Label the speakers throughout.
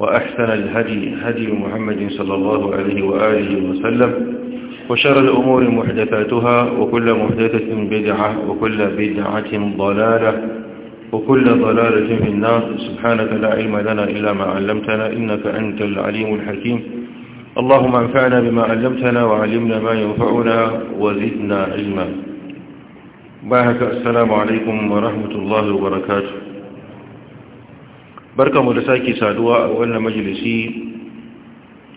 Speaker 1: وأحسن الهدي هدي محمد صلى الله عليه وآله وسلم وشر الأمور محدثاتها وكل محدثة بدعة وكل بدعة ضلالة وكل ضلالة في النار سبحانك لا علم لنا إلا ما علمتنا إنك أنت العليم الحكيم اللهم انفعنا بما علمتنا وعلمنا ما ينفعنا وزدنا علما باهك السلام عليكم ورحمة الله وبركاته barka mu da sake saduwa a wannan majalisi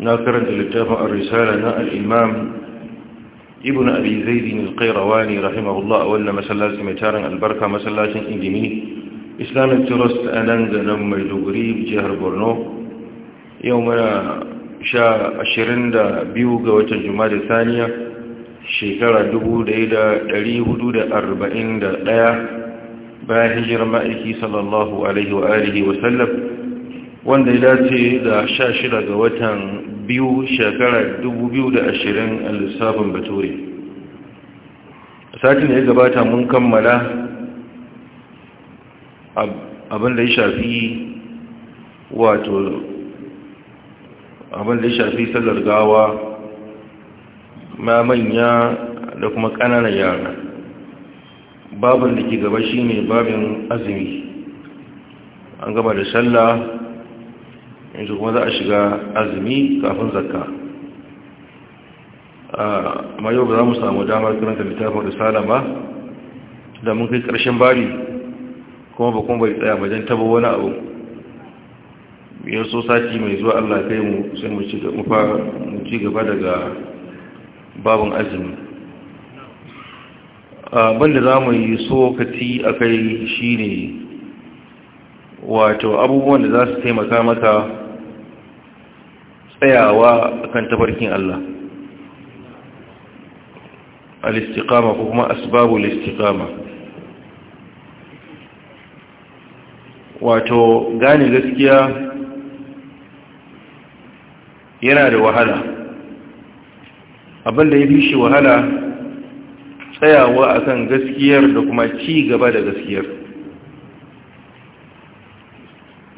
Speaker 1: na karanta littafin ar-risala na al-imam ibn abi zaid al-qayrawani rahimahullah a wannan masallaci mai tarin albarka masallacin indimi islamic trust a nan da nan maiduguri jihar borno yau mana sha ashirin da biyu ga watan juma'a da saniya shekara dubu da da da dari hudu arba'in ɗaya. bayan hijirar ma'aiki sallallahu alaihi wa alihi wasallam wanda ya dace da sha shida ga watan biyu shekarar 2020 a lissafin bature satin da ya gabata mun kammala abin da ya shafi wato abin ya shafi sallar gawa ma manya da kuma ƙananan yara babin da ke gaba shi ne babin azumi an gaba da sallah yanzu kuma za a shiga azumi kafin zakka ah, amma yau ba za mu samu damar karanta littafin risala ba da mun kai karshen bari kuma ba kuma bai tsaya bajen taba wani abu biyar so sati mai zuwa allah kai mu sai mu ci gaba daga babin azumi abinda ah, za mu yi sokaci a kai shi ne wato abubuwan da za su taimaka maka tsayawa kan tafarkin Allah al-istiqama ko kuma asibabu al wato gane gaskiya yana da wahala abinda ya fi shi wahala tsayawa a kan gaskiyar da kuma ci gaba da gaskiyar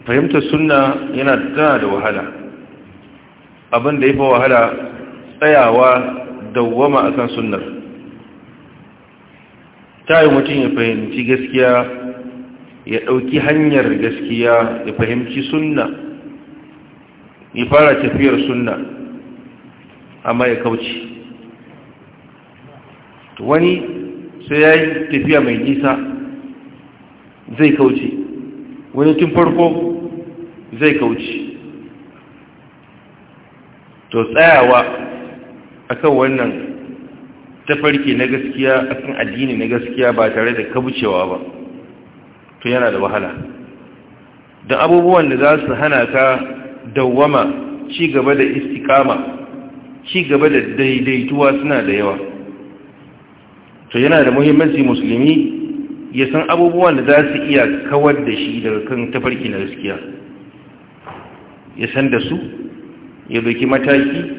Speaker 1: fahimtar suna yana tana da wahala abin da ya fi wahala tsayawa dawwama akan sunar ta yi mutum ya fahimci gaskiya ya ɗauki hanyar gaskiya ya fahimci sunna ya fara tafiyar sunna amma ya kauce to wani sai ya yi tafiya mai nisa zai kauce wani tun farko zai kauce to tsayawa akan wannan tafarki na gaskiya akan addini na gaskiya ba tare da kabucewa ba to yana da wahala da abubuwan da za su hana ka dawwama ci gaba da istikama ci gaba da daidaituwa suna da yawa to yana da muhimmanci musulmi ya san abubuwan da za su iya kawar da shi daga kan tafarki na gaskiya ya san da su ya doki mataki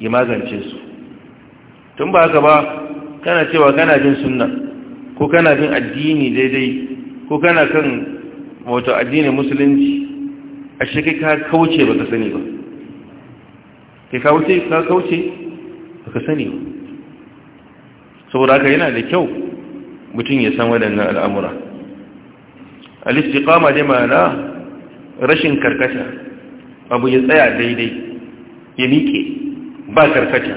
Speaker 1: ya magance su tun ba haka ba kana cewa kana jin sunna ko kana bin addini daidai ko kana kan wato addinin musulunci a shi kai ka kauce ba ka sani ba kai ka kauce ba ka sani ba saboda haka yana da kyau mutum ya san waɗannan al'amura al dai ma'ana rashin karkata abu ya tsaya daidai ya miƙe ba karkata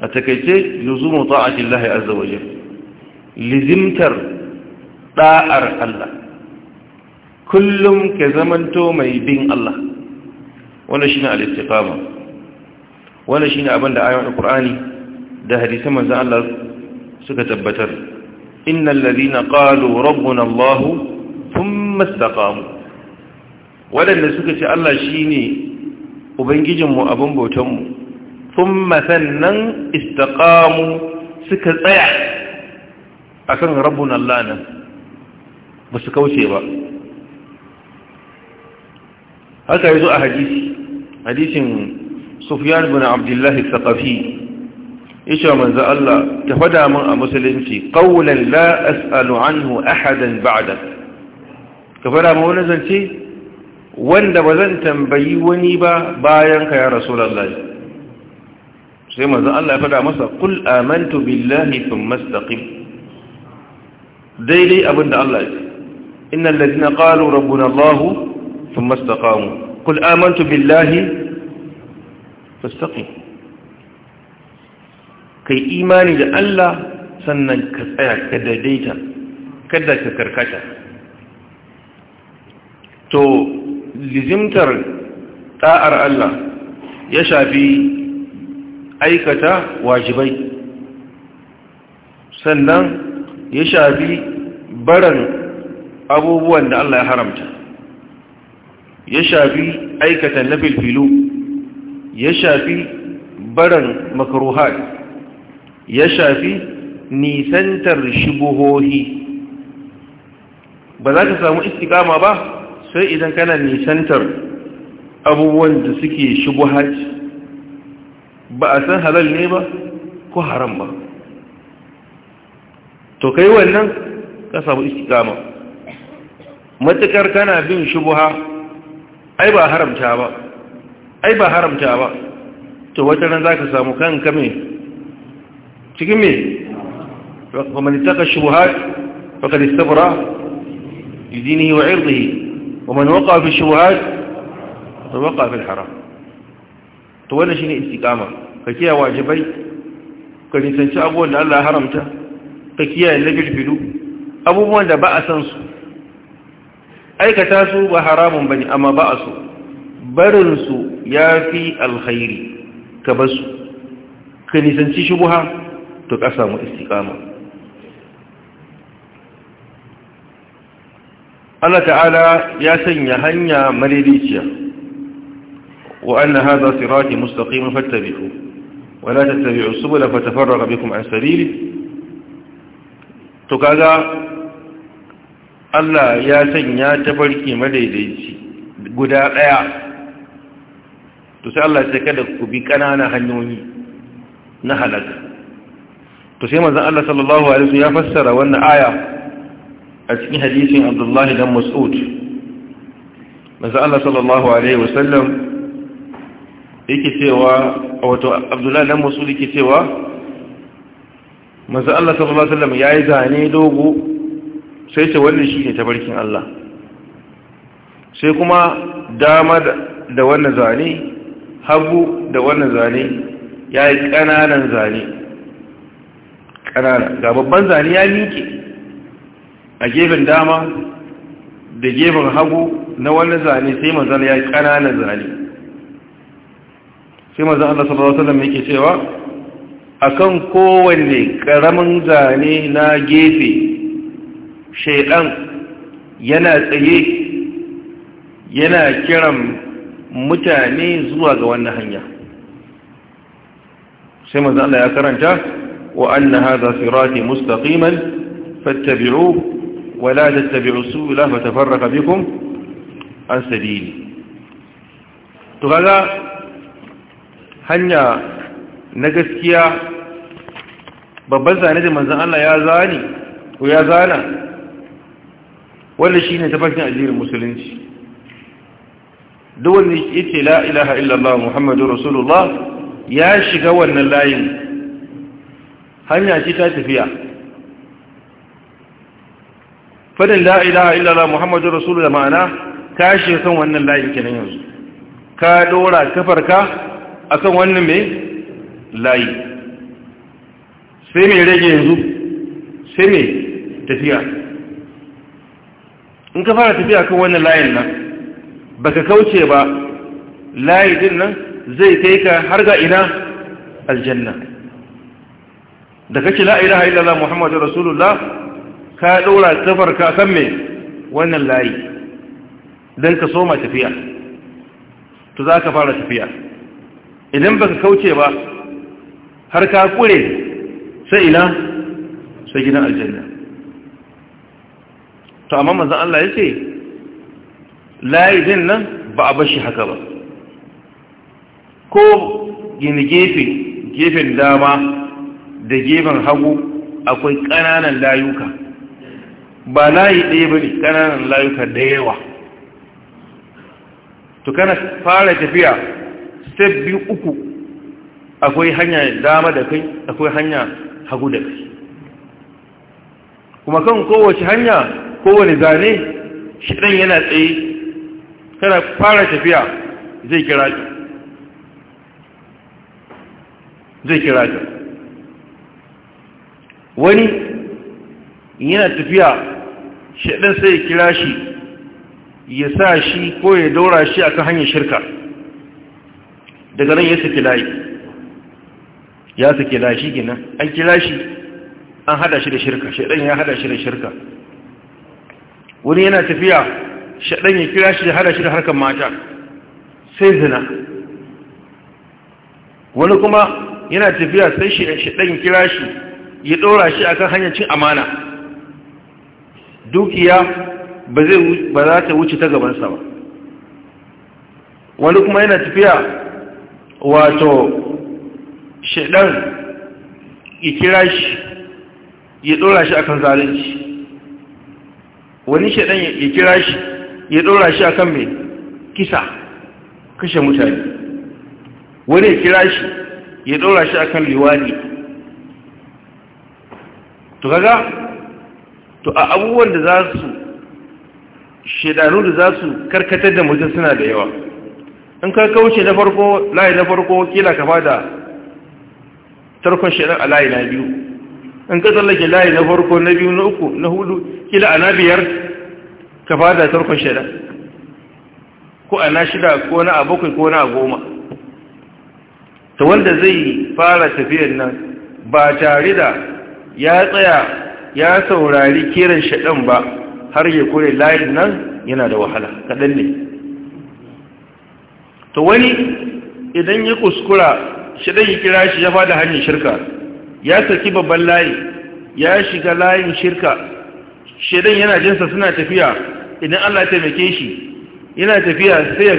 Speaker 1: a takaice luzumu ta'atin lahi azza lizimtar ɗa'ar Allah kullum ka zamanto mai bin Allah wannan shine al-istiqama wannan shine abin da ayoyin Qur'ani da hadisai manzon Allah suka tabbatar innal ladina qalu rabbuna Allah thumma istaqamu wadanda suka ce Allah shine ubangijinmu abin bautanmu thumma sannan istaqamu suka tsaya akan rabbuna Allah nan ba su kauce ba haka yazo a hadisi hadisin Sufyan bin Abdullah al-Thaqafi yace manzo Allah ka fada min a musulunci qawlan la as'alu anhu ahadan ba'da ka fada min wani zance wanda bazan tambayi wani ba bayan ka ya rasulullahi sai manzo Allah ya fada masa qul amantu billahi thumma istaqim daidai abinda Allah ya ce innal ladina qalu rabbuna Allah thumma istaqamu qul amantu billahi fastaqim kai imani da Allah sannan ka tsaya ka daidaita kada ka karkata to lizimtar ta'ar Allah ya shafi aikata wajibai sannan ya shafi baran abubuwan da Allah ya haramta ya shafi aikata na filfilu ya shafi baran makaruhari ya shafi nisantar shubuhohi ba za ka samu istikama ba sai idan kana nisantar abubuwan da suke shubuhat ba a san halal ne ba ko haram ba to kai wannan ka samu istikama matukar kana bin shubuha ai ba haramta ba ai ba haramta ba to wata ran za ka samu kanka mai تجمي ومن اتقى الشبهات فقد استبرى لدينه وعرضه ومن وقع في الشبهات فقد وقع في الحرام تولى شيء استقامة فكيا واجبي فقد انسان شعبوا ان الله حرمته فكيا ان لجل بلو ابو مو اندى اي كتاسو وحرام بني اما بأسو برنسو يا في الخير كبسو كنسان شبهات to ka samu istiqama Allah ta'ala ya sanya hanya maridiciya wa anna hadha sirati mustaqim fattabi'u wa la tattabi'u subula fatafarraqa bikum an sabili to kaga Allah ya sanya tafarki madaidaici guda ɗaya to sai Allah sai kada ku bi ƙananan hanyoyi na halaka to sai manzon Allah sallallahu alaihi wasallam ya fassara wannan aya a cikin hadisin Abdullah dan Mas'ud manzon Allah sallallahu alaihi wasallam yake cewa wato Abdullah dan Mas'ud yake cewa manzon Allah sallallahu alaihi wasallam yayi zane dogo sai ce wannan shine tabarkin Allah sai kuma dama da wannan zane hagu da wannan zane yayi kananan zane ƙanana ga babban zane ya miƙe a gefen dama da gefen hagu na wani zane sai manzan ya ƙanana zane sai manzan Allah sabar Alaihi wasallam ke cewa a kan kowanne ƙaramin zane na gefe shaidan yana tsaye yana kiran mutane zuwa ga wannan hanya sai manzan Allah ya karanta وأن هذا صراطي مستقيما فاتبعوه ولا تتبعوا السبل فتفرق بكم عن سبيلي تغذى hanya na gaskiya babban zane da manzan Allah ya zane ko ya zana wanda shi ne tafarkin ajirin musulunci duk wanda ya ce la ilaha illallah muhammadu rasulullah ya shiga wannan layin hanya shi ta tafiya fadin la ilaha illallah muhammadur rasulullah ma'ana ka shi kan wannan layin kenan yanzu ka dora kafarka akan wannan mai layi sai mai rage yanzu sai mai tafiya in ka fara tafiya kan wannan layin nan baka kauce ba layi din nan zai kai ka har ga ina aljanna da kake la ilaha illallah muhammadu rasulullah ka ɗora tafar ka kan me wannan layi don ka soma tafiya to za ka fara tafiya idan baka kauce ba har ka kure sai ina sai gidan aljanna to amma manzan Allah ya ce layi din nan ba a bashi haka ba ko gini gefe gefen dama da gefen hagu akwai ƙananan layuka ba layi ɗaya ba ne ƙananan layuka da yawa to kana fara tafiya step biyu uku akwai hanya dama da kai akwai hanya hagu da kai kuma kan kowace hanya kowane zane ɗan yana tsaye kana fara tafiya zai kira zai kira wani yana tafiya shaɗin sai ya kira shi ya sa shi ko ya daura shi akan hanyar shirka daga nan ya saki layi ya saki layi shi gina an kira shi an hada shi da shirka shaɗin ya hada shi da shirka wani yana tafiya shaɗin ya kira shi ya hada shi da harkar mata sai zina wani kuma yana tafiya sai shaɗin kira shi ya ɗora shi akan hanyar cin amana dukiya ba za ta wuce ta gabansa ba wani kuma yana tafiya wato shaɗan ya kira shi ya ɗora shi akan zalunci wani shaɗan ya kira shi ya ɗora shi akan mai kisa kashe mutane wani ya kira shi ya ɗora shi akan liwani to kaga to a abubuwan da za su shedanu da za su karkatar da mutum suna da yawa in ka kauce na farko layi na farko kila ka fada tarkon shedan a layi na biyu in ka tsallake layi na farko na biyu na uku na hudu kila a na biyar ka fada tarkon shedan ko a na shida ko na a bakwai ko na a goma ta wanda zai fara tafiyar nan ba tare da ya tsaya ya saurari kiran shaɗan ba har ya kure layin nan yana da wahala kaɗan ne to wani idan ya kuskura shaɗan ya kira shi ya fada hanyar shirka ya saki babban layi ya shiga layin shirka shaɗan yana jinsa suna tafiya idan allah taimake shi yana tafiya sai ya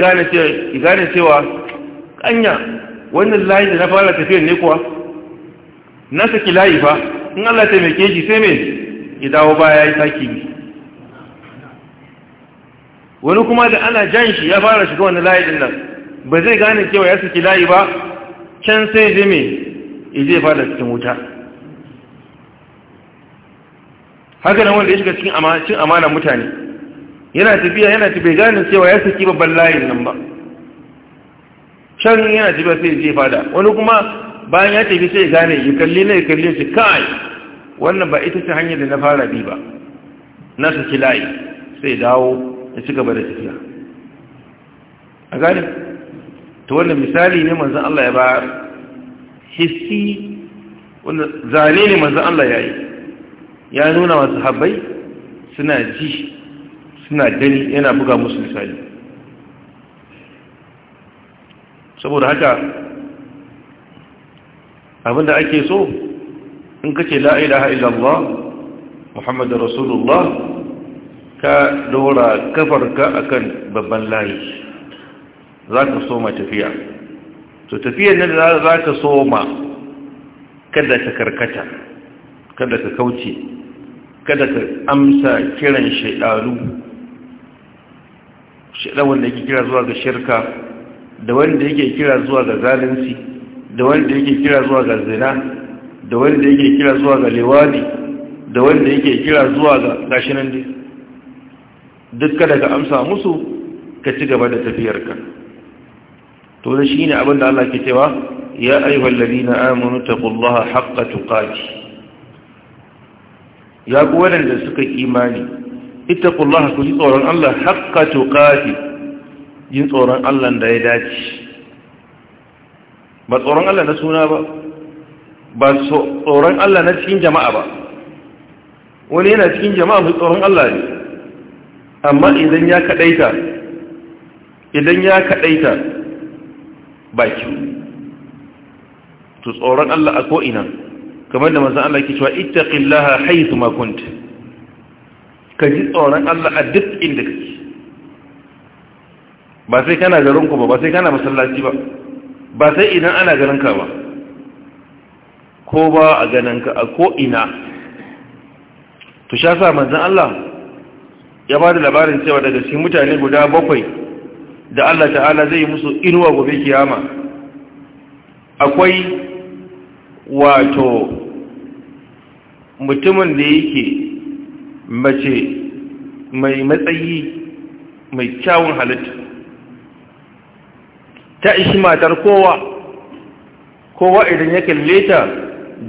Speaker 1: gane cewa ƙanya wannan layi da na fara tafiya ne kuwa na saki layi fa in Allah taimake shi sai mai ya dawo baya ya saki bi wani kuma da ana jan shi ya fara shiga wani layi din nan ba zai gane cewa ya saki layi ba can sai zai mai ya zai fara cikin wuta haka nan wanda ya shiga cikin amana mutane yana tafiya yana tafiya gane cewa ya saki babban layin nan ba can yana tafiya sai ya je fada wani kuma bayan ya tafi sai gane yi kalli na yi kalli su kai wannan ba ita ce hanyar da na fara bi ba na su layi sai dawo ya ci gaba da tafiya a gane ta wannan misali ne manzan Allah ya ba hissi wanda zane ne manzan Allah ya yi ya nuna masu habai suna ji suna gani yana buga musu misali saboda haka Abin da ake so in ka ce la ilaha illallah muhammadu rasulullah ka dora kafarka akan babban layi za ka soma tafiya to tafiyar nan da za ka soma kada ka karkata kada ka kauce kada ka amsa kiran shaidaru shaidan wanda yake kira zuwa ga shirka da wanda yake kira zuwa ga zalunci da wanda yake kira zuwa ga zina da wanda yake kira zuwa ga liwadi da wanda yake kira zuwa ga gashinan dai duk kada ka amsa musu ka ci gaba da tafiyarka to da shine abin da Allah ke cewa ya ayyuhal ladina amanu taqullaha haqqa tuqati ya ku wadanda suka imani ittaqullaha ku ji tsoron Allah haqqa tuqati yin tsoron Allah da ya dace ba tsoron Allah na suna ba ba tsoron Allah na cikin jama'a ba wani yana cikin jama'a mai tsoron Allah ne amma idan ya kadaita idan ya kadaita baki to tsoron Allah a ko'ina kamar da manzan Allah ke cewa ittaqillaha haythu ma kunt ka ji tsoron Allah a duk inda kake ba sai kana garin ku ba ba sai kana masallaci ba ba sai idan ana ganin ka ba ko ba a ganin ka a ko ina to sa manzon Allah ya ba da labarin cewa daga cikin mutane guda bakwai da Allah ta'ala zai musu inuwa gobe kiyama akwai wato mutumin da yake mace mai matsayi mai kyawun halitta ta ishi matar kowa kowa idan ya kalle ta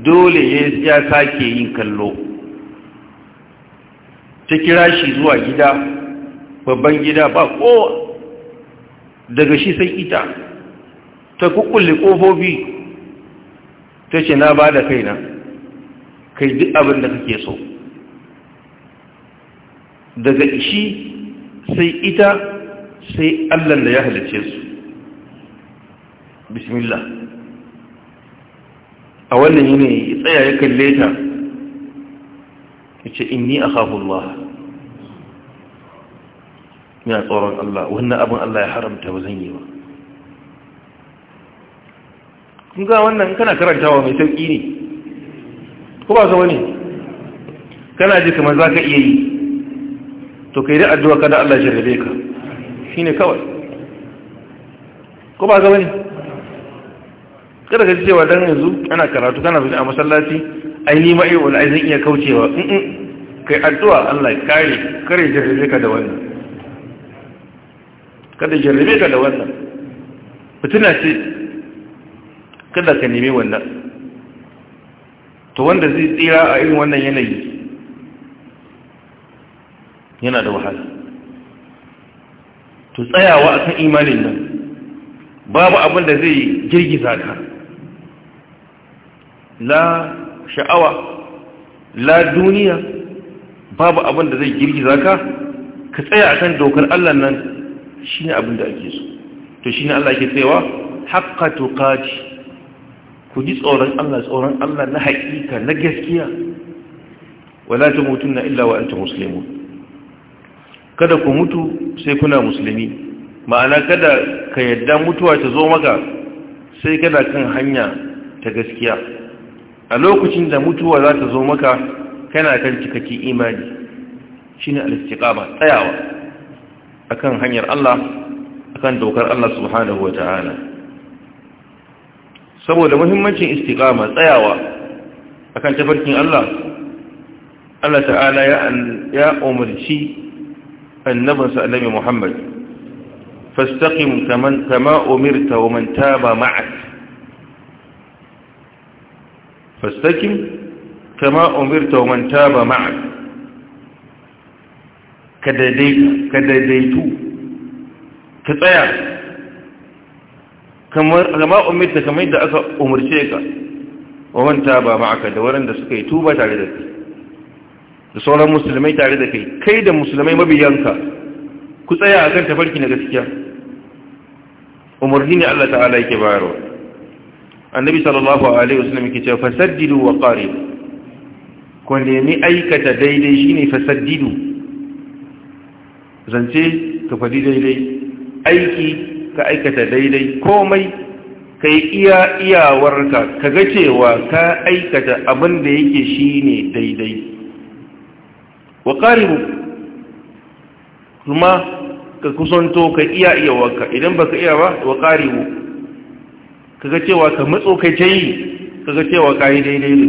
Speaker 1: dole ya sake yin kallo ta kira shi zuwa gida babban gida ba kowa daga shi sai ita ta kukulle ƙofofi ta ce na ba da kaina kai duk abin da kake so daga ishi sai ita sai allan da ya halice su bismillah a wannan yanayi ya tsaya ya kalle ta ya ce inni a hafullah ya tsoron Allah wannan abin Allah ya haramta ba zan yi ba kun ga wannan kana karantawa mai sauƙi ne ko ba zama ne kana ji kamar za ka iya yi to kai da addu'a kada Allah shirya jarrabe ka shi ne kawai ko ba zama ne kada ka ji cewa dan yanzu kana karatu kana zuwa a masallaci ai ni ma irin ai zan iya kaucewa in in kai addu'a Allah kare kare jarrabe ka da wannan kada jarrabe ka da wannan mutuna ce kada ka nemi wannan to wanda zai tsira a irin wannan yanayi yana da wahala to tsayawa akan imanin nan babu abin da zai girgiza ka la sha'awa la duniya babu abin da zai girgiza ka ka tsaya akan dokar Allah nan shine abin da ake so to ne Allah yake cewa haqqa tuqati ku ji tsoron Allah tsoron Allah na haƙiƙa na gaskiya wala tamutunna illa wa antum muslimun kada ku mutu sai kuna musulmi ma'ana kada ka yadda mutuwa ta zo maka sai kana kan hanya ta gaskiya a lokacin da mutuwa za ta zo maka kana kan cikakken imani shine al-istiqama tsayawa akan hanyar Allah akan dokar Allah subhanahu wa wata'ala saboda muhimmancin istiqama tsayawa akan tafarkin Allah Allah ta'ala ya umarci annabinsa annabi Muhammad fastaqim kama umirta wa man taba ma'ak fastakim kama umirta wa man taba ma'ak ka daidaita ka daidaitu ka tsaya kama umirta kamar yadda aka umarce ka wa man taba ma'aka da waɗanda suka yi tuba tare da kai da sauran musulmai tare da kai kai da musulmai mabiyanka ku tsaya akan tafarki na gaskiya umarni ne Allah ta'ala yake bayarwa annabi sallallahu alaihi wasallam yake cewa fasaddidu wa qarib ku nemi aikata daidai shine fasaddidu zance ka fadi daidai aiki ka aikata daidai komai kai iya iyawarka kaga cewa ka aikata abin da yake shine daidai wa qarib kuma ka kusanto ka iya iyawarka idan baka iya ba wa qaribu kaga cewa ka matso kai ta yi kaga cewa ka yi daidai ne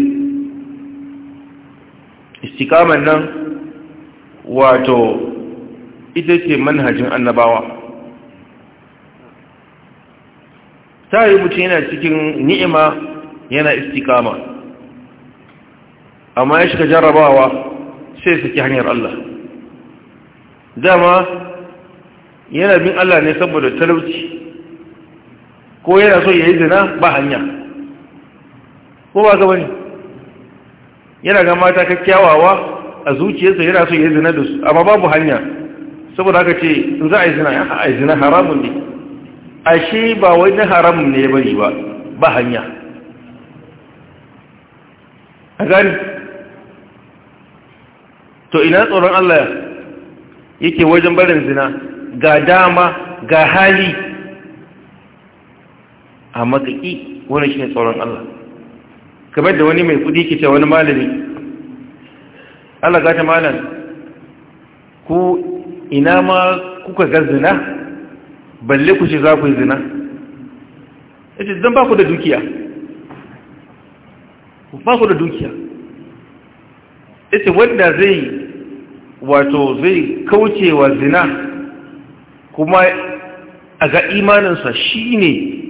Speaker 1: istikaman nan wato ita ce manhajin annabawa ta yi mutum yana cikin ni'ima yana istikama amma ya shiga jarrabawa sai suke hanyar Allah dama yana bin Allah ne saboda talauci ko yana so ya yi zina ba hanya ko ba ka ne yana ga mata kyakkyawawa a zuciyarsa yana so ya yi zina da su amma babu hanya saboda haka ce in za a yi zina ya a yi zina haramun ne ashe ba wai na haramun ne ya bari ba ba hanya a gani to ina tsoron Allah yake wajen barin zina ga dama ga hali amma ka ƙi wani shi ne tsoron Allah kamar da wani mai kudi ke ce wani malami Allah za ta malam ku ina ma kuka ga zina balle ku ce za ku yi zina yace zan ba ku da dukiya Ku ba ku da dukiya yace wanda zai wato zai kaucewa zina kuma a ga imaninsa shine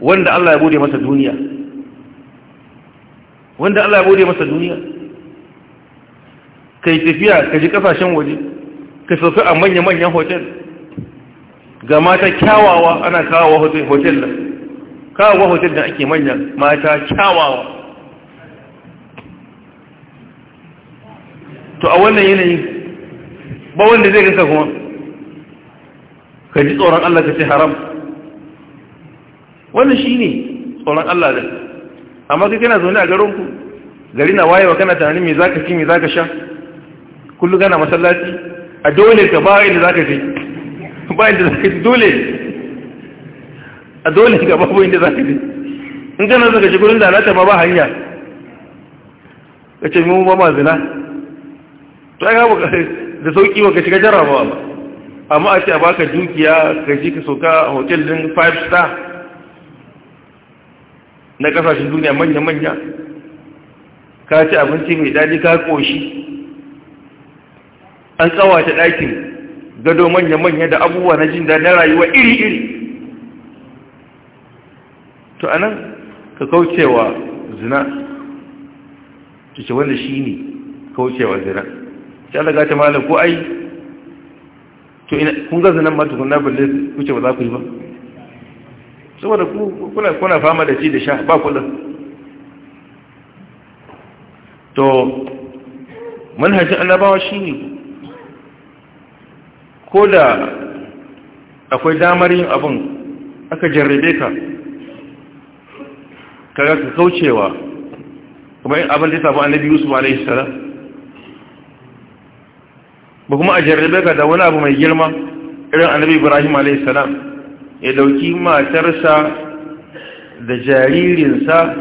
Speaker 1: wanda Allah ya bude masa duniya wanda Allah ya bude masa duniya kai tafiya ka ji kasashen waje ka sauka a manya-manyan hotel ga mata kyawawa ana kawo hotel da kawo hotel da ake manya mata kyawawa to a wannan yanayi ba wanda zai ganka kuma ka ji tsoron Allah ka ce haram wannan shi ne tsoron Allah da amma kai kana zaune a garin ku gari na wayewa kana tunanin me zaka ci me zaka sha kullu kana masallaci a dole ka ba inda zaka je ba inda zaka je dole a dole ka babu inda zaka je in kana zaka je gurin da lalata ba ba hanya kace mu ba ma zina to ai ba da sauki ba ka shiga jarrabawa ba amma a ce a baka dukiya ka ji ka soka a hotel din 5 star na kasashen duniya manya-manya ka ci abinci mai daɗi ka ƙoshi an tsawata ɗakin gado manya-manya da abubuwa na jin daɗin rayuwa iri-iri to a nan ka kaucewa zina ce wanda shi ne kaucewa zina ta Allah gata malar ko ai to ina kun ga zinan na balle kuce ba za ku yi ba saboda kuna fama da ci da sha ba kullum to manhajin annabawa ne ko da akwai damar yin abin aka jarrabe ka kaga ka kaucewa kuma yin abin da ya sabu annabi yusuf alaihi salam ba kuma a jarrabe ka da wani abu mai girma irin annabi ibrahim alaihi salam ya dauki matarsa da jaririnsa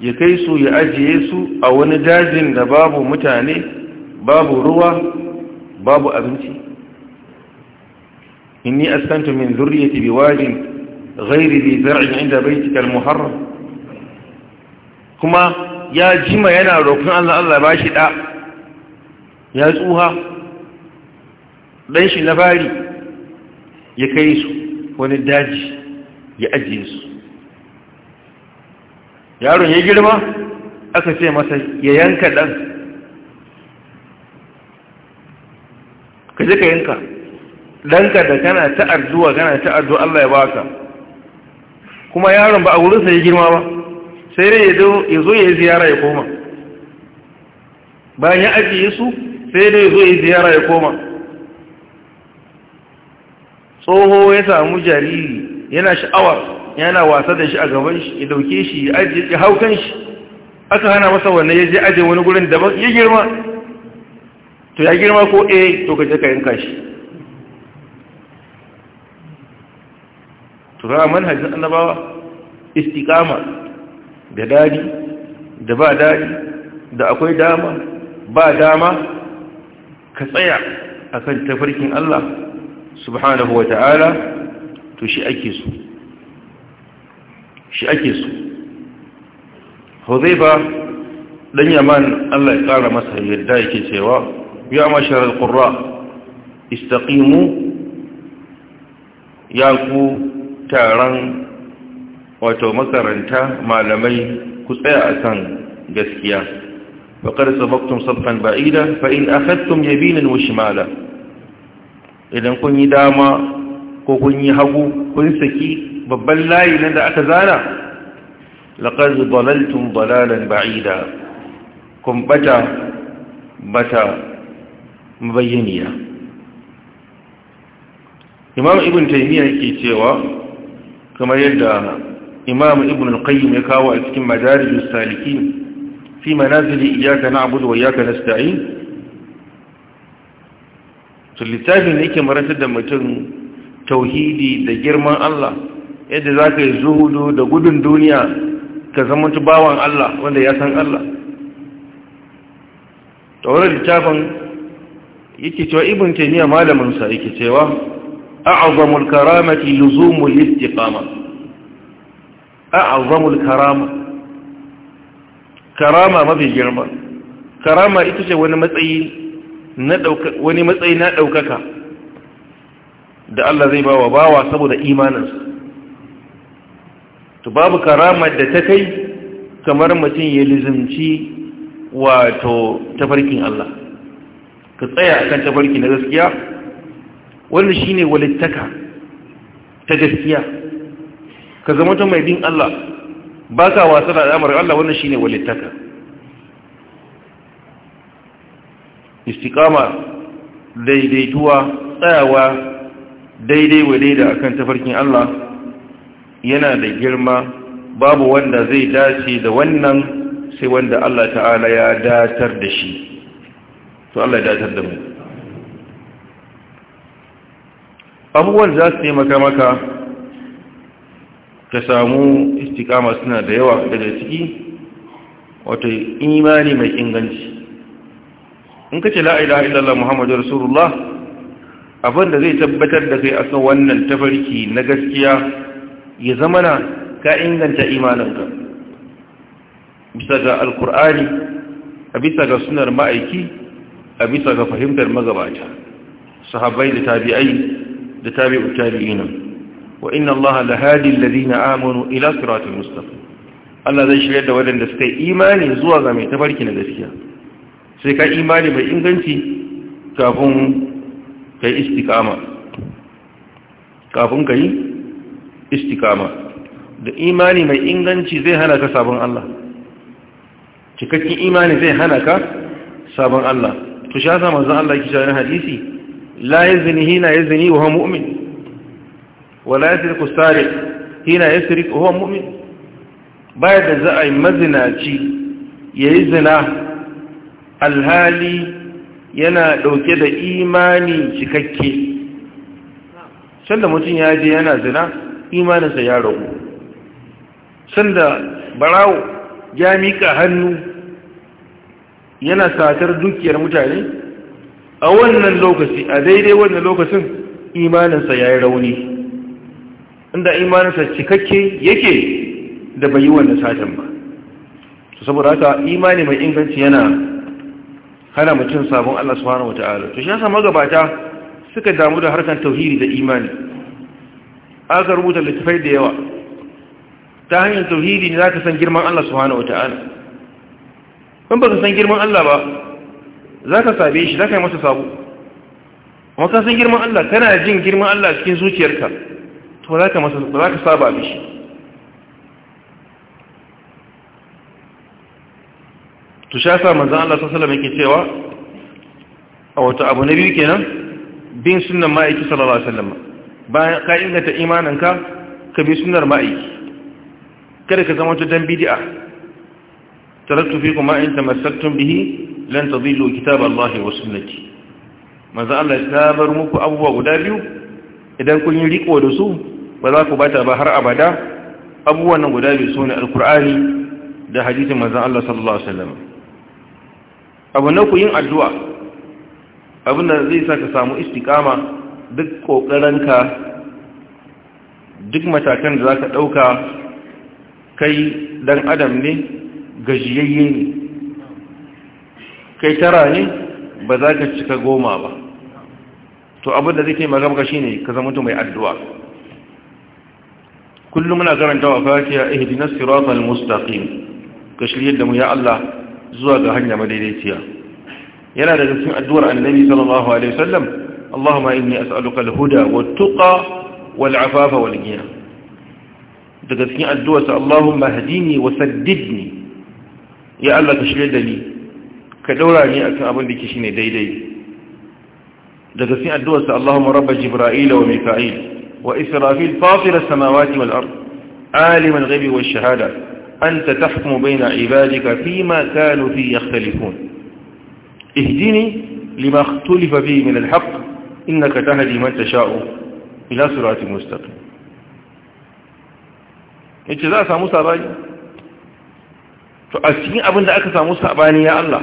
Speaker 1: ya kai su ya ajiye su a wani dajin da babu mutane babu ruwa babu abinci inni askantu min zurriyati biwajin ghairi bi zar'in inda baitikal muharram kuma ya jima yana roƙon Allah Allah ba shi da ya tsuha dan shi na fari ya kai su wani daji ya ajiye su yaron ya girma aka ce masa ya yanka ɗan ka ji ka yanka ɗanka da kana ta kana ta Allah ya baka kuma yaron ba a wurinsa ya girma ba sai dai ya zo ya yi ziyara ya koma bayan ya ajiye su sai dai ya zo ya yi ziyara ya koma tsoho ya samu jariri yana sha'awar yana wasa da shi a gaban shi ya dauke shi ya ajiye ya hau kan shi aka hana masa wannan ya je ajiye wani gurin daban ya girma to ya girma ko eh to ka je ka yanka shi to manhajin annabawa istiqama da dadi da ba dadi da akwai dama ba dama ka tsaya akan tafarkin Allah subhanahu wa ta'ala to shi ake su shi ake so huzaifa dan yaman Allah ya kara masa yadda yake cewa ya mashar al-qurra istaqimu ya ku taron wato makaranta malamai ku tsaya akan gaskiya faqad sabaqtum sabqan ba'ida fa in akhadtum yabinan wa shimala idan kun yi dama ko kun yi hagu kun saki babban layi nan da aka zana laqad dalaltum balalan ba'ida kun bata bata mabayyaniya imam ibn taymiya ke cewa kamar yadda imam ibn al-qayyim ya kawo a cikin madarijus salikin fi manazili na na'budu wa iyyaka nasta'in to littafin da yake maratar da mutum tauhidi da girman Allah yadda za ka yi zuhudu da gudun duniya ka zama bawan Allah wanda ya san Allah taurar littafin yake cewa ibin taymiya malaminsa yake cewa a'azamul karamati luzumul istiqama azamul karama karama mafi girma karama ita ce wani matsayi wani matsayi na ɗaukaka da Allah zai ba wa bawa saboda imaninsu, to babu karamar da ta kai kamar mutum ya lizimci wato tafarkin Allah ka tsaya akan tafarki na gaskiya wannan shine walittaka ta gaskiya ka zama ta mai bin Allah baka wasa da al'amarin Allah wannan shine walittaka istiqama daidaituwa tsayawa daidai wa da akan tafarkin Allah yana da girma babu wanda zai dace da wannan sai wanda Allah ta'ala ya datar da shi to Allah ya datar da mu abubuwan za su taimaka maka ka samu istiqama suna da yawa daga ciki wato imani mai inganci in ka ce la'ila illallah muhammadu rasulullah abin da zai tabbatar da kai akan wannan tafarki na gaskiya ya zama na ka inganta imaninka bisa ga alkur'ani a bisa ga sunar ma'aiki a bisa ga fahimtar magabata sahabbai da tabi'ai da tabi'u tabi'ina wa inna Allah la hadi alladhina amanu ila siratil mustaqim Allah zai shirya da wadanda suka yi imani zuwa ga mai tafarki na gaskiya sai ka imani mai inganci kafin ka yi istikama kafin ka yi istikama da imani mai inganci zai hana ka sabon Allah cikakken imani zai hana ka sabon Allah to sha sa manzon Allah ki cewa hadisi la yazni hina yazni wa huwa mu'min wa la yasriqu sariq hina yasriqu wa huwa mu'min bayan da za a yi mazinaci yayi zina alhali yana ɗauke da imani cikakke sanda mutum ya je yana zina imaninsa ya ragu sanda barawo ya miƙa hannu yana satar dukiyar mutane a wannan lokaci a daidai wannan lokacin imaninsa ya yi rauni inda imaninsa cikakke yake da bai yi wannan satan ba saboda haka imani mai inganci yana hana mutum sabon Allah subhanahu wata'ala to shi yasa magabata suka damu da harkar tauhidi da imani aka rubuta littafai da yawa ta hanyar tauhidi ne zaka san girman Allah subhanahu wata'ala in baka san girman Allah ba zaka sabe shi zaka yi masa sabo amma ka san girman Allah kana jin girman Allah cikin zuciyarka to zaka masa zaka saba mishi to sha sa manzan Allah sallallahu alaihi yake cewa a wata abu na biyu kenan bin sunnan ma'aiki sallallahu alaihi wasallam bayan ka inganta imaninka ka bi sunnar ma'aiki kada ka zama dan bid'a tarattu fikum ma in tamassaktum bihi lan tadillu kitab Allah wa sunnati manzan Allah ya bar muku abubuwa guda biyu idan kun yi riko da su ba za ku bata ba har abada abubuwan nan guda biyu sune alqur'ani da hadisin manzan Allah sallallahu alaihi wasallam abu na ku yin addu'a abin da zai sa ka samu istikama duk ƙoƙaranka duk matakan da za ka ɗauka kai dan adam ne gajiyayye ne kai tara ne ba za ka cika goma ba to abin da zai taimaka maka shi ne ka zama mai addu'a kullum na karanta wa fatiya ihdinas siratal mustaqim ka shirye da mu ya Allah zuwa ga hanya madaidaiciya yana daga cikin addu'ar annabi sallallahu alaihi wasallam Allahumma inni as'aluka al-huda wat-tuqa wal-afafa wal-ghina daga cikin addu'ar sa Allahumma hdini wa saddidni ya Allah ka shirya da ni ka daura ni akan abin da shi ne daidai daga cikin addu'ar sa Allahumma rabba Jibraila wa mika'il wa israfil fafira as-samawati wal-ard alim al-ghaibi wash-shahada أنت تحكم بين عبادك فيما كانوا فيه يختلفون اهدني لما اختلف فيه من الحق إنك تهدي من تشاء إلى صراط مستقيم yace za a samu sabani to a cikin abin aka samu sabani ya Allah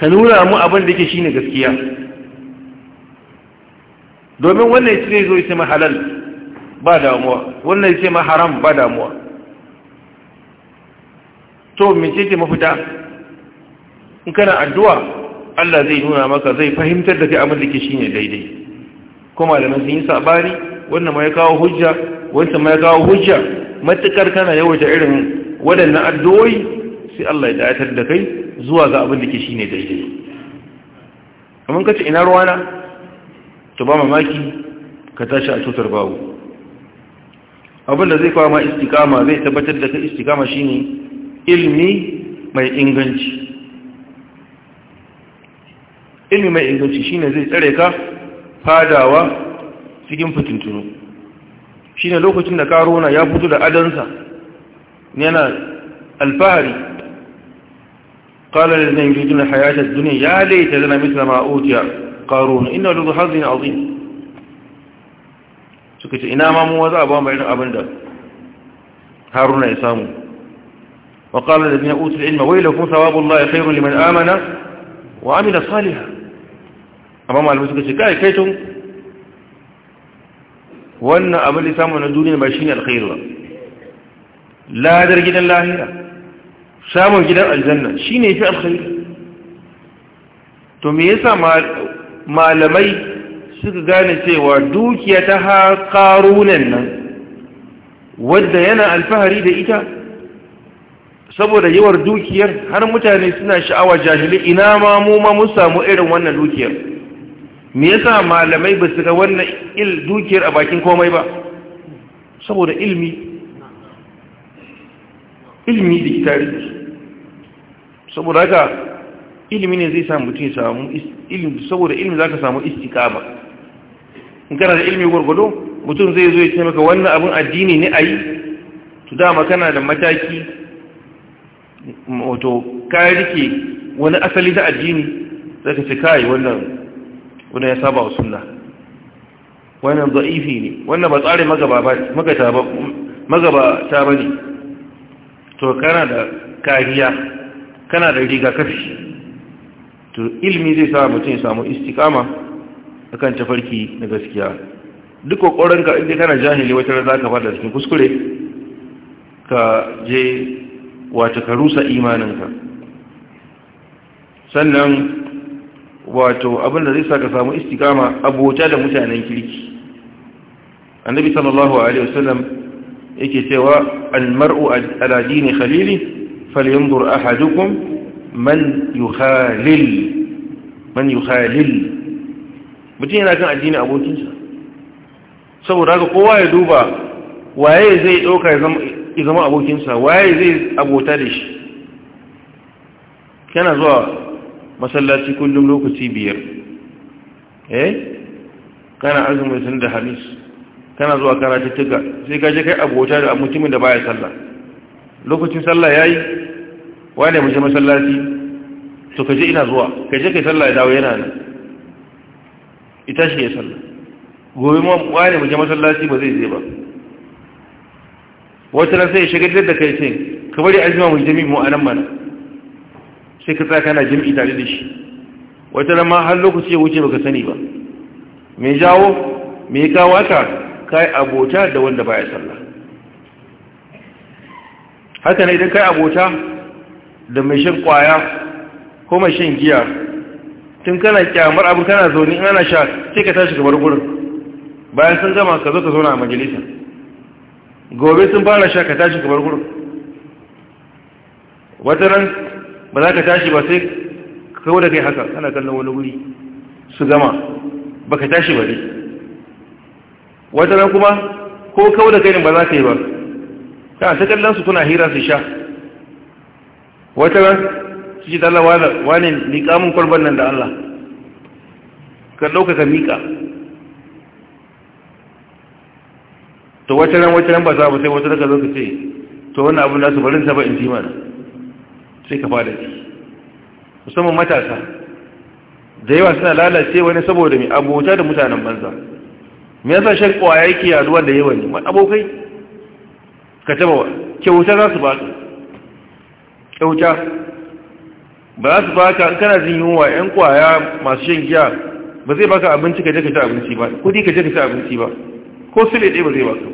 Speaker 1: ka nuna mu abin da yake shine gaskiya domin wannan yace zai zo ma halal ba damuwa wannan ma haram ba damuwa to mece ce mafita in kana addu'a Allah zai nuna maka zai fahimtar da kai abin da ke ne daidai kuma da sun yi sabari wannan ma ya kawo hujja wancan ma ya kawo hujja matukar kana yawaita irin waɗannan addu'o'i sai Allah ya datar da kai zuwa ga abin da ke ne daidai amma kace ina ruwana to ba mamaki ka tashi a cutar bawo abin da zai kawo ma istikama zai tabbatar da kai istikama shine ilmi mai inganci ilmi mai inganci shine zai tsare ka fadawa cikin fitintunu shine lokacin da karona ya fito da adansa yana alfahari قال الذين duniya الحياة الدنيا يا ليت لنا مثل ما أوتي قارون إنه لذو حظ عظيم suka ce ina ma mu za a ba mai irin abin da haruna ya samu وقال الذين أوتوا العلم ويلكم ثواب الله خير لمن آمن وعمل صالحا أمام ألبسك سكاية كيتم وأن أبا الإسلام ونزولي نباشين الخير الله لا درجنا الآخرة سامو جدا الجنة شين يفعل الخير ثم يسا ما لمي سك قانا سيوا دوك يتها قارونا ودينا الفهري بإيتا saboda yawar dukiyar har mutane suna sha'awa jahili ina ma mu ma mun samu irin wannan dukiyar me yasa malamai ba su ga wannan il dukiyar a bakin komai ba saboda ilmi ilmi da kitari saboda haka ilmi ne zai sa mutum samu ilmi saboda ilmi zaka samu istiqama in kana da ilmi gurgudo mutum zai zo ya ce maka wannan abun addini ne ayi to dama kana da mataki wato kayan rike wani asali da addini zaka ce kai wannan ya saba wa sunna wannan da'ifi ne wannan ba tsare magabata ba ne to kana da kariya kana da riga kafi to ilmi zai sa mutum ya samu istikama akan tafarki na gaskiya duk ka inda kana jahili wata za ka fada cikin kuskure ka je wato ka rusa imaninka sannan wato abin zai sa ka samu istikama abota da mutanen kirki annabi sallallahu alaihi wasallam yake cewa almar'u ala dini khalili falyanzur ahadukum man yukhalil man yukhalil mutum yana kan addini abokinsa saboda haka kowa ya duba waye zai dauka ya zama ya zama abokinsa waye zai abota da shi yana zuwa masallaci kullum lokaci biyar eh kana azumin sun da halis kana zuwa tuga sai ka je kai abota da mutumin da baya sallah lokacin sallah yayi wane mu je masallaci to ka je ina zuwa ka je kai sallah ya dawo yana nan ita shi ya sallah gobe mu wane mu je masallaci ba zai je ba wata ran sai ya shiga da kai ce ka bari azuma jima mu jami'i mu anan mana sai ka tsaka na jami'i tare da shi wata ran ma har lokaci ya wuce baka sani ba me jawo me ka kawo ka kai abota da wanda baya sallah haka ne idan kai abota da mai shan kwaya ko mai shan giya tun kana kyamar abu kana zaune ana sha sai ka tashi gabar gurin bayan sun gama ka zo ka zauna a majalisa gobe sun fara sha ka tashi kamar gudu. wata ran ba za ka tashi ba sai kawo da kai haka ana kallon wani wuri su gama ba ka tashi ba ne wata ran kuma ko kawo da kai ba za ka yi ba ta a kallon su tuna hira su sha wata ran su ji dalawa wani miƙamin kwarban nan da Allah ka ɗauka ka miƙa to wata ran wata ran ba za ba sai wata daga zo ka to wannan abu da su barin ta ba in ji mana sai ka fada ci musamman matasa da yawa suna lalace wani saboda mai abota da mutanen banza me yasa shan kwaya yake yaduwa da yawan ne abokai ka taba wa kyauta za su baka kyauta ba za su baka in kana jin yunwa yan kwaya masu shan giya ba zai baka abinci ka je ka ci abinci ba kudi ka je ka ci abinci ba ko sule ɗaya ba zai ba su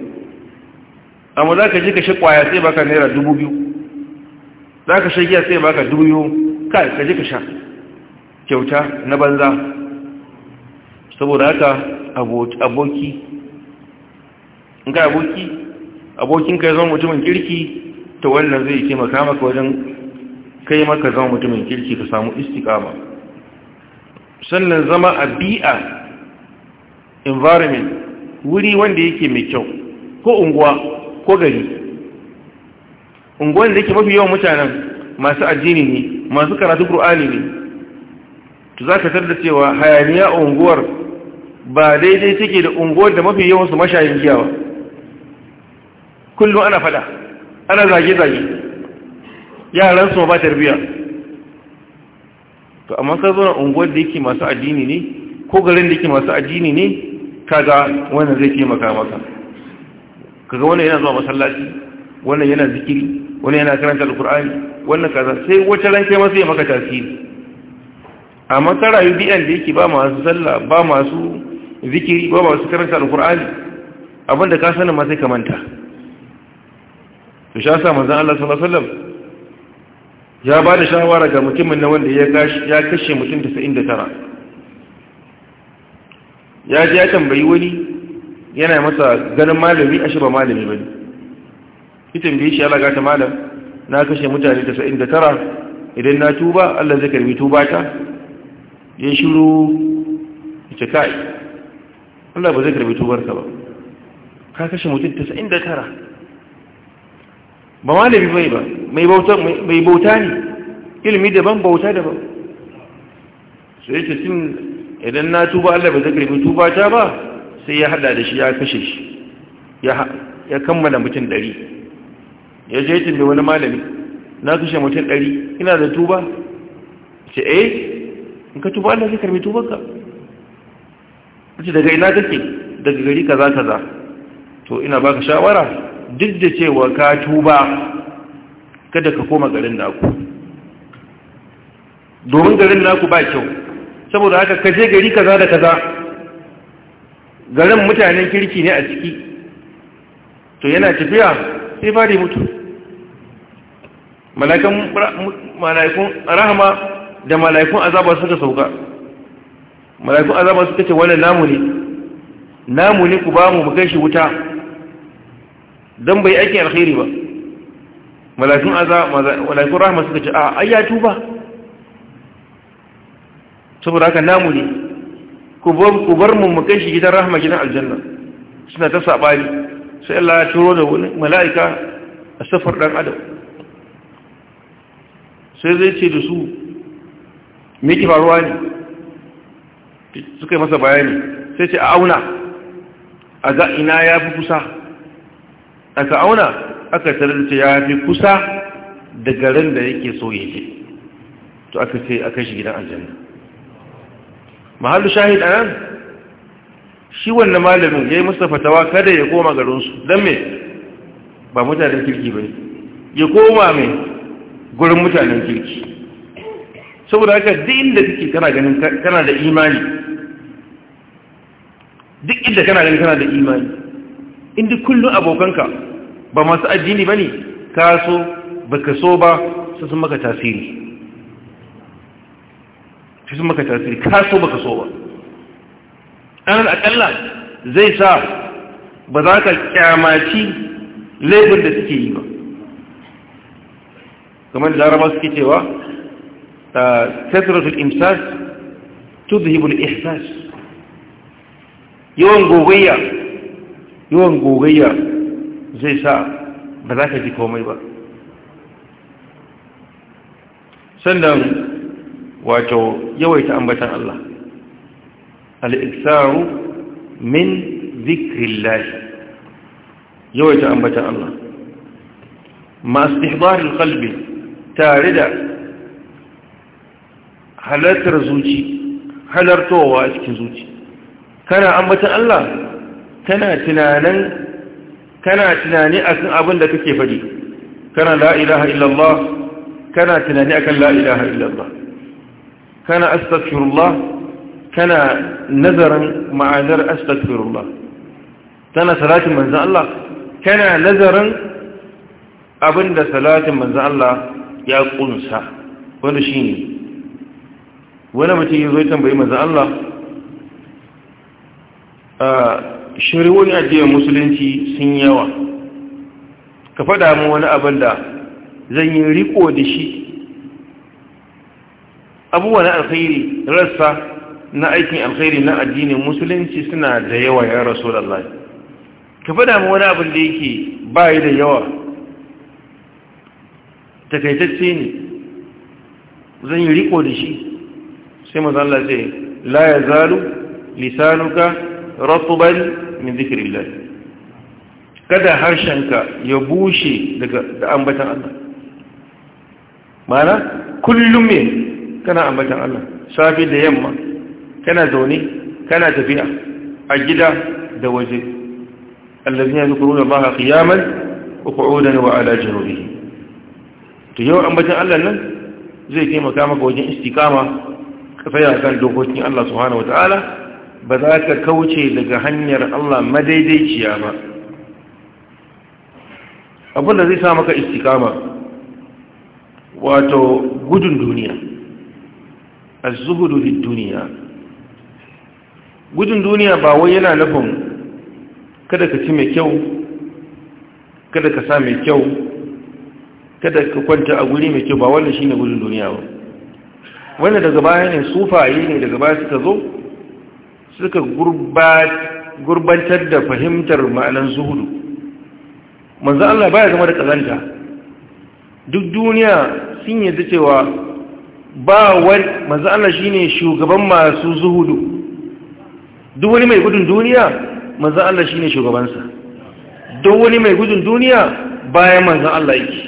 Speaker 1: amma za ka ji ka shi kwaya sai baka naira dubu biyu za ka shi giya sai baka dubu biyu kai ka ji ka sha kyauta na banza saboda haka aboki in ka aboki abokin ka zama mutumin kirki ta wannan zai taimaka maka wajen kai maka zama mutumin kirki ka samu istikama sannan zama a bi'a environment wuri wanda yake mai kyau ko unguwa ko gari unguwan da yake mafi yawan mutanen masu addini ne masu karatu qur'ani ne to zaka tarda cewa hayaniya unguwar ba daidai take da unguwar da mafi yawan su mashayin giya ba kullum ana fada ana zage zage yaran su ba tarbiya to amma ka zo na unguwar da yake masu addini ne ko garin da yake masu addini ne kaga wannan zai taimaka maka kaga wannan yana zuwa masallaci wannan yana zikiri wannan yana karanta alkur'ani wannan kaza sai wace ran kai masa ya maka tasiri a ta yi biyan da yake ba masu sallah ba masu zikiri ba masu karanta alkur'ani abinda ka sanin ma sai ka manta to sha sa manzon Allah sallallahu alaihi wasallam ya ba da shawara ga mutumin na wanda ya kashe mutum 99 ya ji ya tambayi wani yana masa ganin malami a shi malami ba ne ki tambaye shi alaga ta malam na kashe mutane tasa'in da tara idan na tuba allah zai karbi tuba ta ya shiru ce kai allah ba zai karbi tubarka ba ka kashe mutum tasa'in da tara ba malami bai ba mai bauta ne ilimi daban bauta daban sai ta cin idan na tuba Allah ba zai karbi tuba ta ba sai ya hada da shi ya kashe shi ya kammala mutum ɗari ya je yi da wani malami na kashe mutum ɗari ina da tuba ce eh in ka tuba Allah zai tuba tubanka wace daga ina kake daga gari kaza kaza to ina baka shawara duk da cewa ka tuba kada ka koma garin naku domin garin naku ba kyau saboda haka ka je gari kaza da kaza garin mutanen kirki ne a ciki to yana tafiya sai fari mutu mala'ikun rahama da mala'ikun azaba suka sauka mala'ikun azaba suka ce wannan namu ne namu ne ku ba mu mu shi wuta don bai aiki alkhairi ba mala'ikun azaba mala'ikun rahama suka ce a ayyatu ba saboda haka namu ne ku bar mu mu kai shi gidan rahama gidan aljanna suna ta sabani sai Allah ya turo da wani mala'ika a safar dan adam sai zai ce da su me ki faruwa ne suka yi masa bayani sai ce a auna a ga ina ya fi kusa ka auna aka ce ya fi kusa da garin da yake so yake to aka ce aka shi gidan aljanna mahallu shahid anan shi wannan malamin yayi musu fatawa kada ya koma garin su dan me ba mutanen kirki bane ya koma me gurin mutanen kirki saboda haka duk inda kake kana ganin kana da imani duk inda kana ganin kana da imani inda kullun abokanka ba masu addini bane ka so baka so ba su sun maka tasiri shi sun maka tasiri ka so baka so ba ɗanar akalla zai sa ba za ka kyamaci laifin da suke yi ba kamar laraba suke cewa tattaratul imsas hebrew ihsas yawan gogayya yawan gogayya zai sa ba za ka ji komai ba sannan wato yawaita ambatan Allah al-iksaru min zikrillah yawaita ambatan Allah Masu ihbarin al tare da halartar zuci halartowa a cikin zuci kana ambatan Allah kana tunanin kana tunani akan abin da kake faɗi kana la'ilaha illallah kana tunani akan la'ilaha illallah kana astaghfirullah kana nazarin ma'anar astaghfirullah tana salatin manzan Allah kana nazarin abinda salatin manzan Allah ya kunsa wanda shi wani mutum ya zo tambayi manzan Allah a shari'o'in addinin musulunci sun yawa ka faɗa min wani abin da zan yi riko da shi abubuwa na alkhairi rassa na aikin alkhairi na addinin musulunci suna da yawa ya lallai. ka fada mu wani abin da yake bayi da yawa takaitacce ne zan yi riko da shi sai mazan Allah sai la ya zalu lisanuka ratuban min zikrillah kada harshenka ya bushe daga da ambatan Allah mana kullum ne kana ambatan Allah safi da yamma kana zaune kana tafiya a gida da waje allazina yadhkuruna Allah qiyaman wa qu'udan wa ala junubihim to yau ambatan Allah nan zai taimaka maka wajen istikama. ka tsaya kan dokokin Allah subhanahu ta'ala. ba za ka kauce daga hanyar Allah madaidaiciya ba abinda zai sa maka istikama wato gudun duniya az-zuhdu lid-dunya gudun duniya ba wai yana nufin kada ka ci mai kyau kada ka sa mai kyau kada ka kwanta a guri mai kyau ba wannan shine gudun duniya ba wanda daga baya ne sufaye ne daga baya suka zo suka gurbantar da fahimtar ma'anar zuhudu manzo Allah baya zama da kazanta duk duniya sun yadda cewa ba wani manzo Allah ne shugaban masu zuhudu duk wani mai gudun duniya manzo Allah shi ne shugabansa duk wani mai gudun duniya bayan manzo Allah yake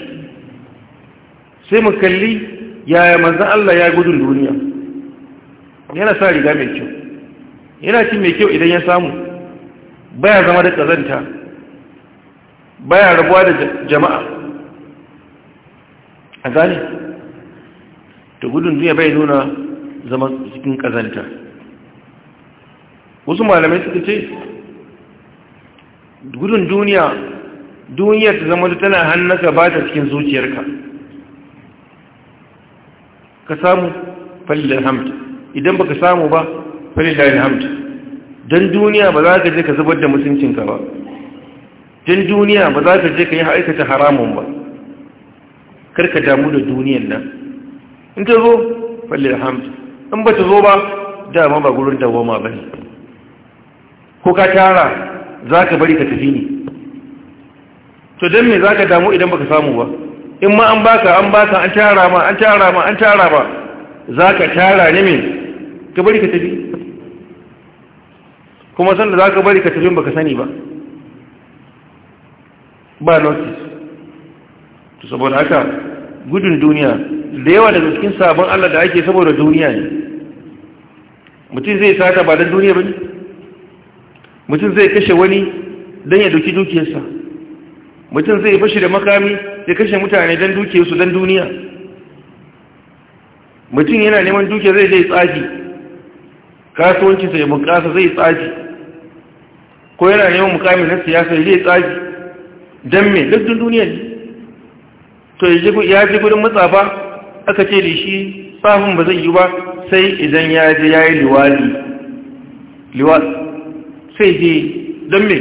Speaker 1: sai mu kalli yaya manzo Allah ya gudun duniya yana sa riga mai kyau yana cin mai kyau idan ya samu baya zama da kazanta baya rabuwa da jama'a a gane ta gudun duniya bai nuna zama cikin kazanta wasu malamai suka ce gudun duniya duniya ta zama tana hannaka ba ta cikin zuciyarka ka samu falilar hamta idan baka samu ba falilar hamta don duniya ba za ka je ka zubar da mutuncinka ba don duniya ba za ka je ka yi aikata haramun ba karka damu da duniyan nan in ta zo falle hamdu in ba ta zo ba dama ba gurin dawoma ba ne ko ka tara za ka bari ka tafi ne to don me za ka damu idan ba ka samu ba in ma an baka an baka an tara ma an tara ma an tara ba, za ka tara ne me ka bari ka tafi kuma sanda za ka bari ka tafi ba ka sani ba ba notice to saboda haka gudun duniya da yawa daga cikin sabon Allah da ake saboda duniya ne mutum zai sata ba don duniya ba ne mutum zai kashe wani don ya doki dukiyarsa mutum zai fashi da makami ya kashe mutane don dukiyarsu don duniya mutum yana neman dukiyar zai zai tsaji kasuwancinsa ya bunƙasa zai tsaji ko yana neman mukamin na siyasa zai tsaji don me duk duniya ne to ya ji gudun matsafa aka ce da shi tsafin ba zai yi ba sai idan ya ji ya yi liwali sai je don me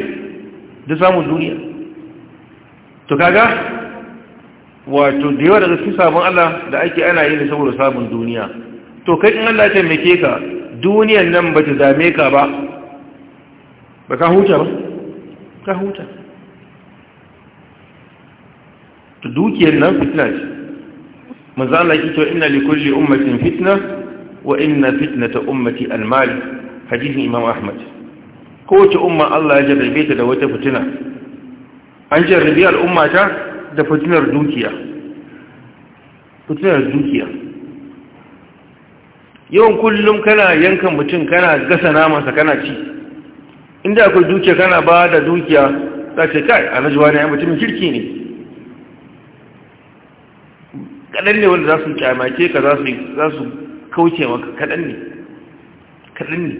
Speaker 1: da samun duniya to kaga wato da yawa daga cikin sabon Allah da ake ana yi saboda sabon duniya to kai in Allah ya taimake ka duniyan nan ba ta dame ka ba ba ka huta ba ka huta dukiyar nan fitna ce manzo Allah yake cewa inna likulli ummatin fitna wa inna fitnata ummati almal hadisin imam ahmad kowace umma Allah ya jarrabe ta da wata fitina an jarrabe umma ta da fitinar dukiya fitinar dukiya yawan kullum kana yanka mutum kana gasa namansa kana ci inda akwai dukiya kana ba da dukiya za ce kai a najuwa ne mutumin kirki ne kaɗan ne wanda za su kyamake ka za su kauce maka kaɗan ne kaɗan ne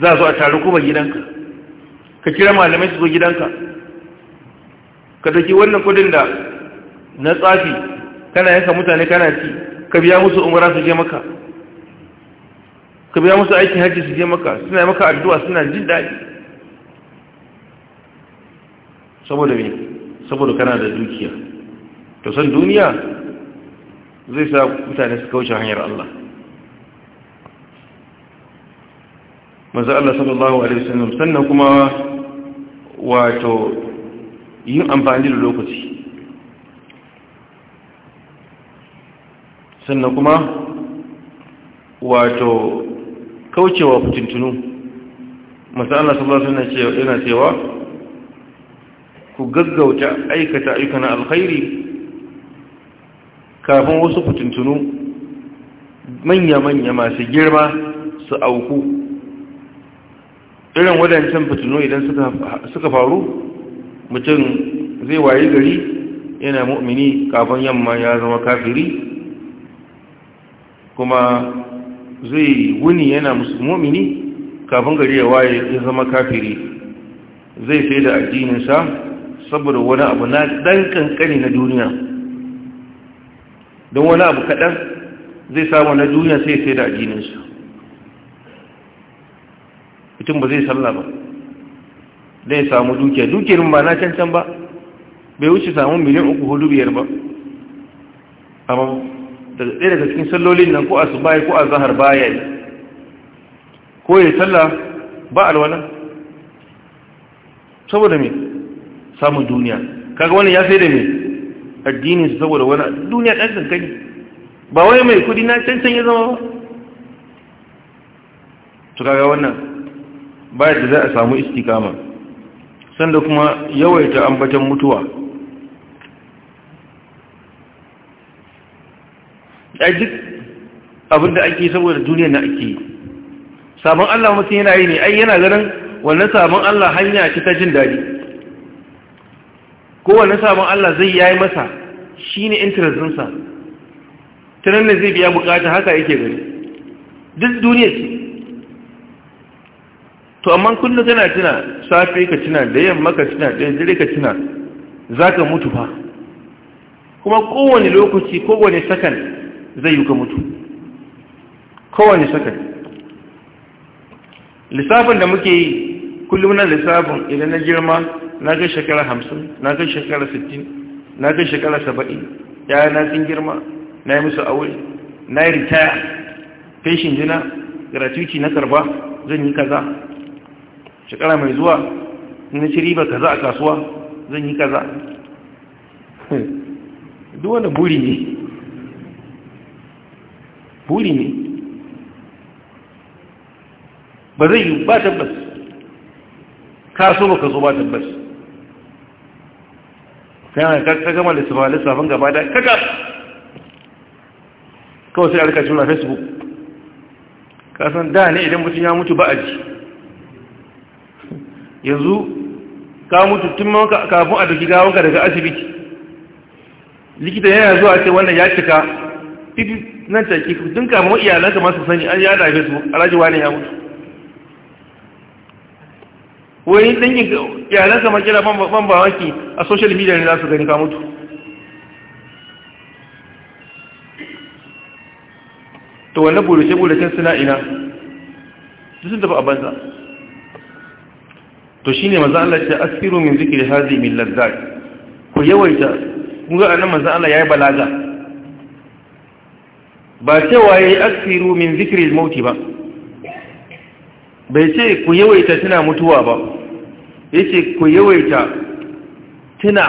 Speaker 1: za su a taru kuma gidanka ka kira malamai su zo gidanka ka daki wannan kudin da na tsafi kana yanka mutane kana ci ka biya musu umara su je maka ka biya musu aikin hajji su je maka suna maka addu'a suna jin daɗi saboda me saboda kana da dukiya to san duniya zai sa mutane su kauce hanyar Allah Masu Allah sallallahu alaihi wasallam sannan kuma wato yin amfani da lokaci sannan kuma wato kaucewa fitintunu Masu Allah sallallahu alaihi wasallam yana cewa ku gaggauta aikata ayyukan alkhairi kafin wasu fitintunu manya-manya masu girma su auku irin wadancan fitinu idan suka faru mutum zai waye gari yana mu'mini kafin yamma ya zama kafiri kuma zai wuni yana mu'mini kafin gari ya waye ya zama kafiri zai sai da addininsa saboda wani abu na ɗan ƙanƙani na duniya don wani abu kaɗan zai samu na duniya sai sai da ajininsa mutum ba zai salla ba zai samu dukiya dukiyar ba na cancan ba bai wuce samun miliyan uku hudu biyar ba amma daga ɗaya daga cikin sallolin nan ko a su baya ko a zahar baya yi ko ya salla ba alwala saboda mai samun duniya kaga wani ya sai da mai. addinin su saboda wani duniya ɗan kankani ba wai mai kudi na cancan ya zama ba su kaga wannan ba da za a samu istikama sanda kuma yawaita ambatan mutuwa a duk abinda ake saboda duniya na ake yi sabon allah mutum yana yi ne ai yana ganin wannan sabon allah hanya ce ta jin daji kowane sabon Allah zai yayi masa shi ne intanetinsa ta nan zai biya bukata haka yake gari duk duniya ce to amma kullum tana tuna safe ka tuna da yamma ka tuna da dare ka tuna za ka mutu ba kuma kowane lokaci kowane sakan zai yi ka mutu kowane sakan lissafin da muke yi kullum na lissafin idan na girma na ga shekara hamsin na ga shekara sittin na ga shekara saba'in ya na sun girma na yi musu aure na yi ritaya feshin jina gratuiti na karba zan yi kaza shekara mai zuwa na ci riba kaza a kasuwa zan yi kaza duk wanda buri ne buri ne ba zai yi ba tabbas ka so ba ka zo ba tabbas sai ka gama lissafa lissafin gaba da kaga kawai sai a rika juna facebook kasan da ne idan mutum ya mutu ba ji yanzu ka mutu tun maka kafin a duki gawonka daga asibiti likita yana zuwa ce wannan ya cika nan take tun kafin iyalanka masu sani an yada facebook alaji wani ya mutu wai dangin yaran sa makira ban waki a social media ne za su gani ka mutu to wannan burace-buracen suna ina sun tafi a banza to shi ne maza Allah ce asiru min zikiri hazi min lazzar ku yawaita ga anan maza Allah ya yi balaga ba cewa ya yi asiru min zikiri mauti ba bai ce ku yawaita tana mutuwa ba yake ku yawaita tuna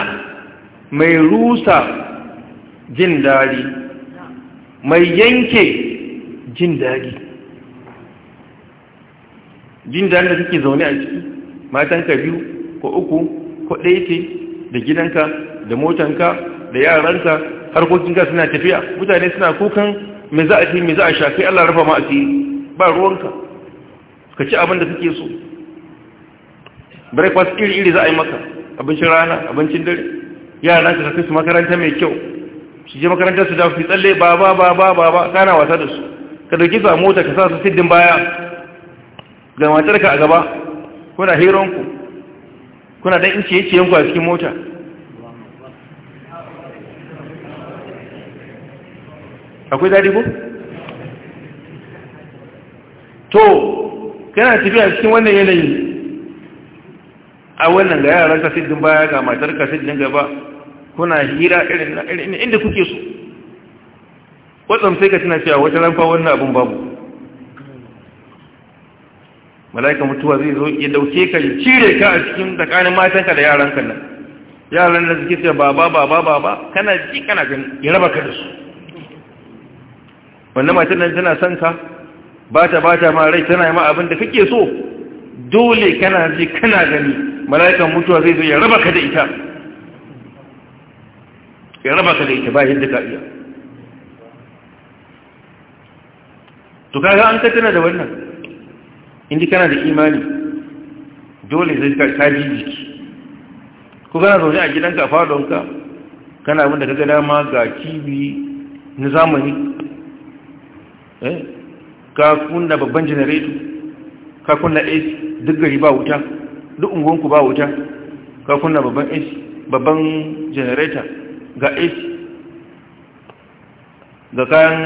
Speaker 1: mai rusa jin daɗi mai yanke jin daɗi jin dadi da kake zaune a ciki matanka biyu ko uku ko ɗaya ce da gidanka da motanka da yaranka harkokinka suna tafiya mutane suna kukan me za a ce me za a shafi allah rafa ma asiri ba ruwanka ka ci abin da kake so breakfast iri iri za a yi masa abincin rana abincin dare yara su tafi su makaranta mai kyau su je makaranta su dafi tsalle ba ba ba ba ba ba kana wasa da su ka dauki su a mota ka sa su siddin baya ga matar ka a gaba kuna hironku kuna dan inci yace yanku a cikin mota akwai dadi ko to kana tafiya cikin wannan yanayin. a wannan ga yaran ka siddin baya ga matar ka siddin gaba kuna hira irin na irin inda kuke so watsam sai ka tana cewa wata ranfa wannan abun babu mala'ika mutuwa zai zo ya dauke ka ya cire ka a cikin tsakanin matanka da yaran ka nan yaran da suke cewa baba baba baba kana ji kana gani ya raba ka da su wannan matan nan tana son ka ba ta ba ta ma rai tana yi ma abin da kake so dole kana ji kana gani mala'ikan mutuwa zai zo ya raba ka da ita ya raba ka da ita ba yadda ka iya to kaga an ka tana da wannan indi kana da imani dole zai ka kaji jiki ko kana zaune a gidanka a fadonka kana abin da gada ma ga kibi na zamani eh ka kunna babban janareto ka kunna AC duk gari ba wuta duk unguwanku ba wuta ka kunna babban ac babban generator ga ac ga kayan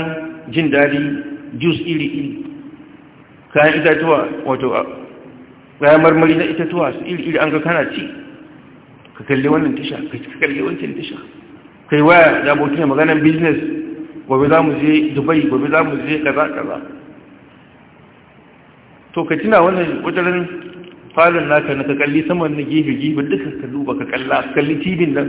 Speaker 1: jin daɗi juice iri-iri kayan itatuwa wato kayan marmari na itatuwa su iri-iri an ga kana ci ka kalli wannan tisha ka kalli wancan tisha kai waya da abokin maganan business gobe za mu je dubai gobe za mu je kaza kaza to ka tuna wannan wajen falon naka na ka kalli saman na gefe gefe duka ka duba ka kalla kalli tibin nan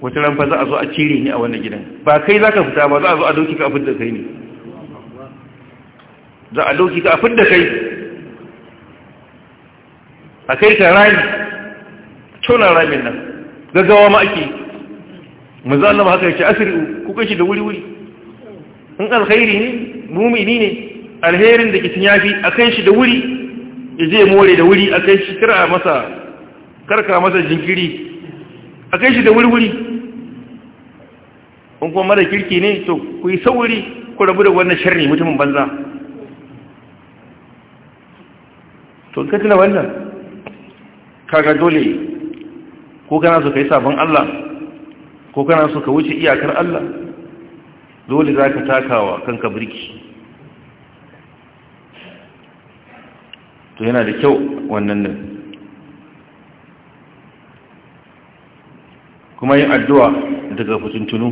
Speaker 1: wata ran fa za a zo a cire ni a wannan gidan ba kai za ka fita ba za a zo a doki ka a fidda kai ne za a doki ka a fidda kai a kai ka rami tunan ramin nan gaggawa ma ake za a ba haka yake asiri ku kashi da wuri wuri in alkhairi ne mumini ne alherin da kitin yafi a kai shi da wuri ya je more da wuri a kai shi kira masa karka masa jinkiri a kai shi da wuri-wuri in kuma mara kirki ne to ku yi sauri ku rabu da wannan sharri mutumin banza to ka tuna wannan kaga dole ko kana so ka yi sabon Allah ko kana so ka wuce iyakar Allah dole za ka takawa kanka birki to yana da kyau wannan din kuma yin addu'a daga fitintunu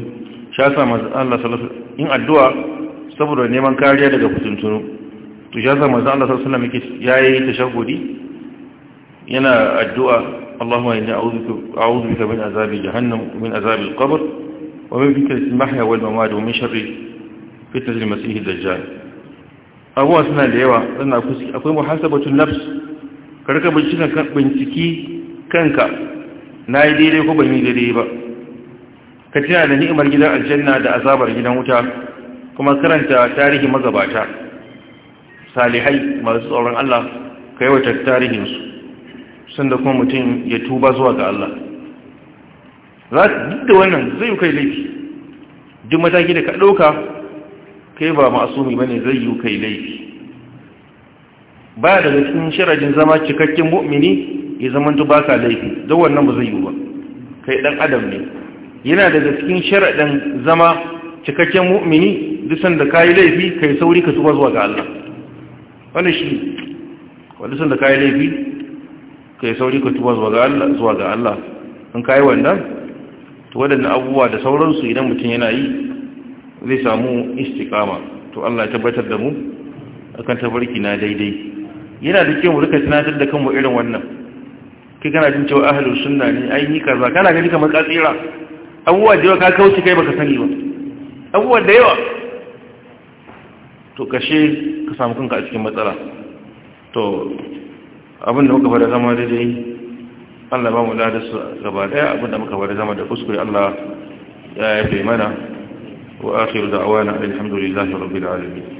Speaker 1: sha sa manzo Allah sallallahu alaihi wasallam yin addu'a saboda neman kariya daga fitintunu to sha sa manzo Allah sallallahu alaihi wasallam yayi tashahudi yana addu'a Allahumma inni a'udhu bika min azabi jahannam min azabi al-qabr ومن فتنة المحيا والممات ومن شر فتنة المسيح الدجال abuwa suna da yawa suna kuski akwai muhasabatun nafs karka binciki kanka na yi daidai ko ban yi daidai ba ka tuna da ni'imar gidan aljanna da azabar gidan wuta kuma karanta tarihi magabata salihai masu tsoron Allah ka yawaita tarihinsu sun da kuma mutum ya tuba zuwa ga Allah duk da wannan zai kai laifi duk mataki da ka ɗauka kai ba ma'asumi bane zai yi kai laifi ba daga cikin sharadin zama cikakken mu'mini ya zamanto baka laifi don wannan ba zai yi ba kai dan adam ne yana daga cikin sharadin zama cikakken mu'mini duk sanda kai laifi kai sauri ka tuba zuwa ga Allah wannan shi wannan sanda kai laifi kai sauri ka tuba zuwa ga Allah zuwa ga Allah in kai wannan to wadannan abubuwa da sauransu idan mutum yana yi zai samu istikama. to Allah ya tabbatar da mu akan tabarki na daidai yana da kyau rika tunatar da kanmu irin wannan kai kana jin cewa ahlus sunna ne ai ni kaza kana gani kamar katsira abuwa da yawa ka kauce kai baka sani ba abuwa da yawa to kashe ka samu kanka a cikin matsala to abin da muka fara zama daidai Allah ba mu da su gaba daya abin da muka fara zama da kuskure Allah ya yafe mana وآخر دعوانا الحمد لله رب العالمين